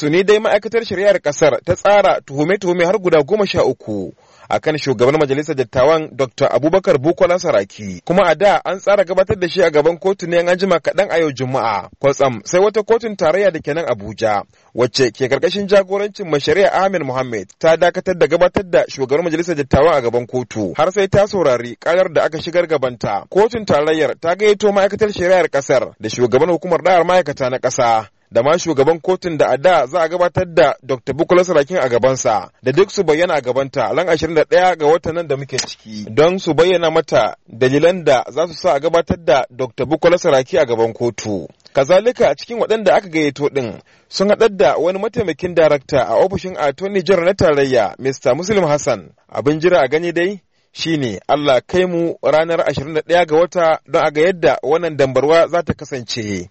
su Tuni dai ma'aikatar shari'ar ƙasar ta tsara tuhume-tuhume har guda goma sha uku a kan shugaban majalisar dattawan Dr. Abubakar Bukola Saraki. Kuma a da an tsara gabatar da shi a gaban kotu ne an jima kaɗan a yau Juma'a. Kwatsam sai wata kotun tarayya da ke nan Abuja wacce ke karkashin jagorancin mashari'a Ahmed Mohammed ta dakatar da gabatar da shugaban majalisar dattawan a gaban kotu har sai ta saurari karar da aka shigar gabanta. Kotun tarayyar ta gayyato ma'aikatar shari'ar kasar da shugaban hukumar ɗa'ar ma'aikata na ƙasa. da ma shugaban kotun da a da za a gabatar da Dr. Bukola Sarakin a gabansa da duk su bayyana a gabanta ran 21 ga watan nan da muke ciki don su bayyana mata dalilan da za su sa a gabatar da Dr. Bukola Saraki a gaban kotu. Kazalika cikin waɗanda aka gayyato ɗin sun haɗar da wani mataimakin darakta a ofishin Attorney General na tarayya Mr. Muslim Hassan. Abin jira a gani dai shine Allah kai mu ranar 21 ga wata don a ga yadda wannan dambarwa za ta kasance.